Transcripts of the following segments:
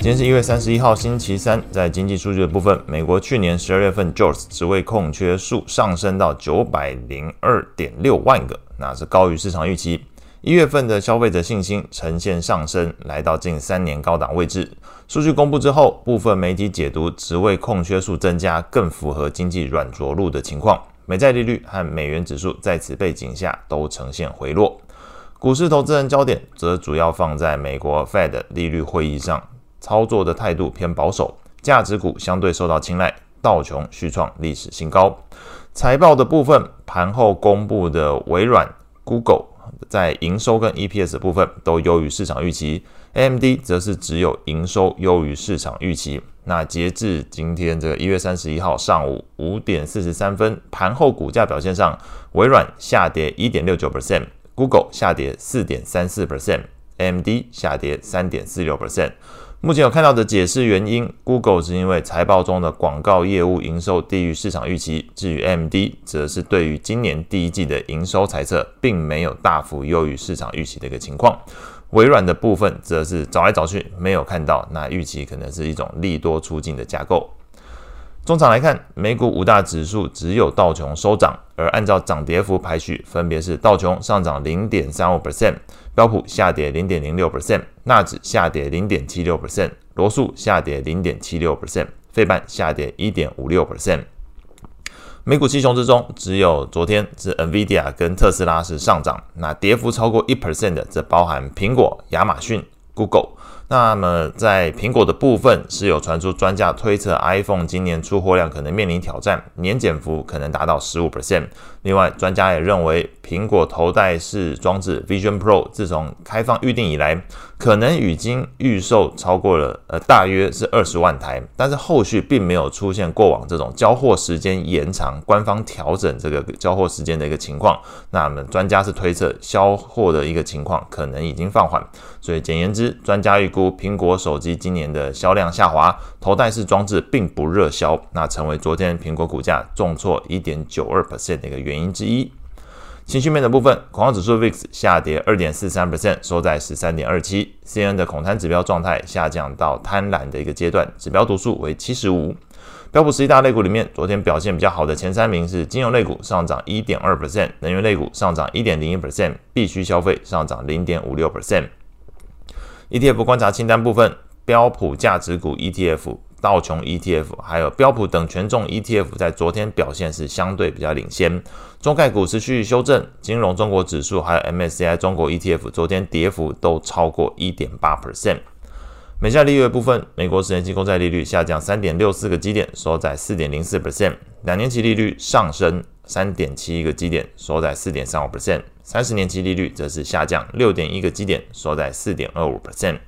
今天是一月三十一號，星期三。在經濟數據的部分，美國去年十二月份 JOLTs 職位空缺數上升到九百零二點六萬個，那是高於市場預期。一月份的消費者信心呈現上升，來到近三年高檔位置。數據公布之後，部分媒體解讀職位空缺數增加更符合經濟軟着陸的情況。美債利率和美元指數在此背景下都呈現回落。股市投資人焦點則主要放在美國 Fed 利率會議上。操作的態度偏保守，價值股相對受到青睞，道瓊續創歷史新高。財報的部分，盤後公布的微軟、Google 在營收跟 EPS 的部分都優於市場預期，AMD 則是只有營收優於市場預期。那截至今天這個一月三十一號上午五點四十三分，盤後股價表現上，微軟下跌一點六九 percent，Google 下跌四點三四 percent，AMD 下跌三點四六 percent。目前有看到的解釋原因，Google 是因為財報中的廣告業務營收低於市場預期；至於 AMD，則是對於今年第一季的營收財測，並沒有大幅優於市場預期的一個情況。微軟的部分則早早，則是找來找去沒有看到那預期，可能是一種利多出盡的架構。終場來看，美股五大指數只有道瓊收漲，而按照漲跌幅排序，分別是道瓊上漲零點三五 percent，標普下跌零點零六 percent，納指下跌零點七六 percent，羅素下跌零點七六 percent，費半下跌一點五六 percent。美股七雄之中，只有昨天是 NVIDIA 跟特斯拉是上漲，那跌幅超過一 percent 的，則包含蘋果、亞馬遜、Google。那麼，在蘋果的部分，是有傳出專家推測，iPhone 今年出貨量可能面臨挑戰，年減幅可能達到十五 percent。另外，專家也認為，蘋果頭戴式裝置 Vision Pro 自從開放預訂以來，可能已經預售超過了呃大約是二十萬台，但是後續並沒有出現過往這種交貨時間延長、官方調整這個交貨時間的一個情況。那麼，專家是推測銷貨的一個情況可能已經放緩。所以，簡言之，專家預估蘋果手機今年的銷量下滑，頭戴式裝置並不熱銷，那成為昨天蘋果股價重挫一點九二%的一個原因。原因之一，情緒面的部分，恐慌指數 VIX 下跌二點四三 percent，收在十三點二七。CNN 的恐貪指標狀態下降到貪婪的一個階段，指標讀數為七十五。標普十一大類股裡面，昨天表現比較好的前三名是金融類股上漲一點二 percent，能源類股上漲一點零一 percent，必需消費上漲零點五六 percent。ETF 觀察清單部分，標普價值股 ETF。道瓊 ETF，還有標普等權重 ETF 在昨天表現是相對比較領先，中概股持續修正，金龍中國指數還有 MSCI 中國 ETF 昨天跌幅都超過一點八 percent。美債利率部分，美國十年期公債利率下降三點六四個基點，收在四點零四 percent；兩年期利率上升三點七一個基點，收在四點三五 percent；三十年期利率則是下降六點一個基點，收在四點二五 percent。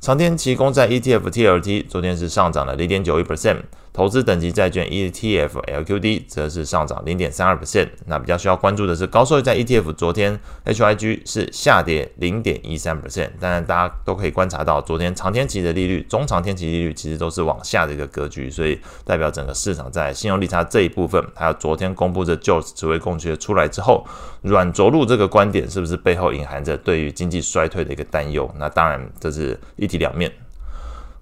長天期公債 ETF TLT，昨天是上漲了零點九一 percent。投資等級債券 ETF LQD 則是上漲零點三二 percent。那比較需要關注的是高收益債 ETF，昨天 HYG 是下跌零點一三 percent。當然大家都可以觀察到，昨天長天期的利率、中長天期利率其實都是往下的一個格局，所以代表整個市場在信用利差這一部分，還有昨天公布這 JOLTs 職位空缺出來之後，軟着陸這個觀點是不是背後隱含着對於經濟衰退的一個擔憂？那當然，這是一體兩面。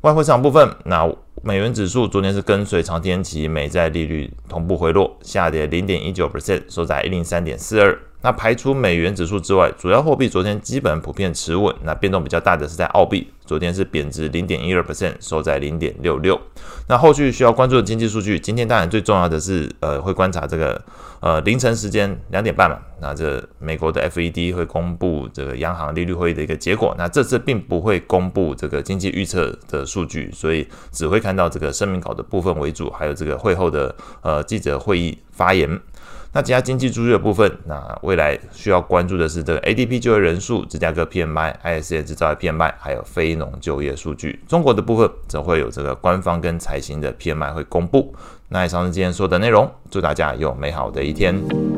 外匯市場部分，那。美元指數昨天是跟隨長天期美債利率同步回落，下跌零點一九 percent，收在一零三點四二。那排除美元指數之外，主要貨幣昨天基本普遍持穩。那變動比較大的是在澳幣，昨天是貶值零點一二 percent，收在零點六六。那後續需要關注的經濟數據，今天當然最重要的是，呃，會觀察這個呃凌晨時間兩點半嘛。那這美國的 FED 會公布這個央行利率會議的一個結果。那這次並不會公布這個經濟預測的數據，所以只會看到這個聲明稿的部分為主，還有這個會後的呃記者會議發言。那其他經濟數據的部分，那未來需要關注的是這個 A D P 就業人數、芝加哥 P M I、I S M 製造業 P M I，還有非農就業數據。中國的部分則會有這個官方跟財新的 P M I 會公布。那以上是今天說的內容，祝大家有美好的一天。